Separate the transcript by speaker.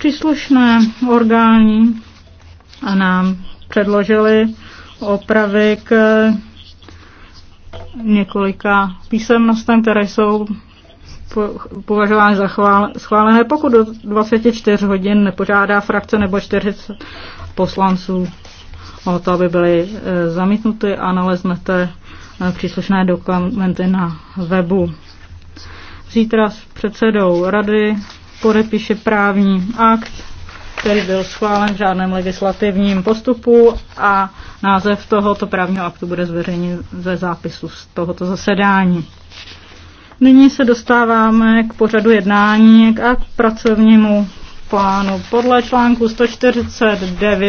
Speaker 1: příslušné orgány a nám předložili opravy k několika písemnostem, které jsou považovány za schválené, pokud do 24 hodin nepožádá frakce nebo 40 poslanců o to, aby byly e, zamítnuty a naleznete e, příslušné dokumenty na webu. Zítra s předsedou rady podepíše právní akt, který byl schválen v žádném legislativním postupu a název tohoto právního aktu bude zveřejněn ve zápisu z tohoto zasedání. Nyní se dostáváme k pořadu jednání a k pracovnímu plánu. Podle článku 149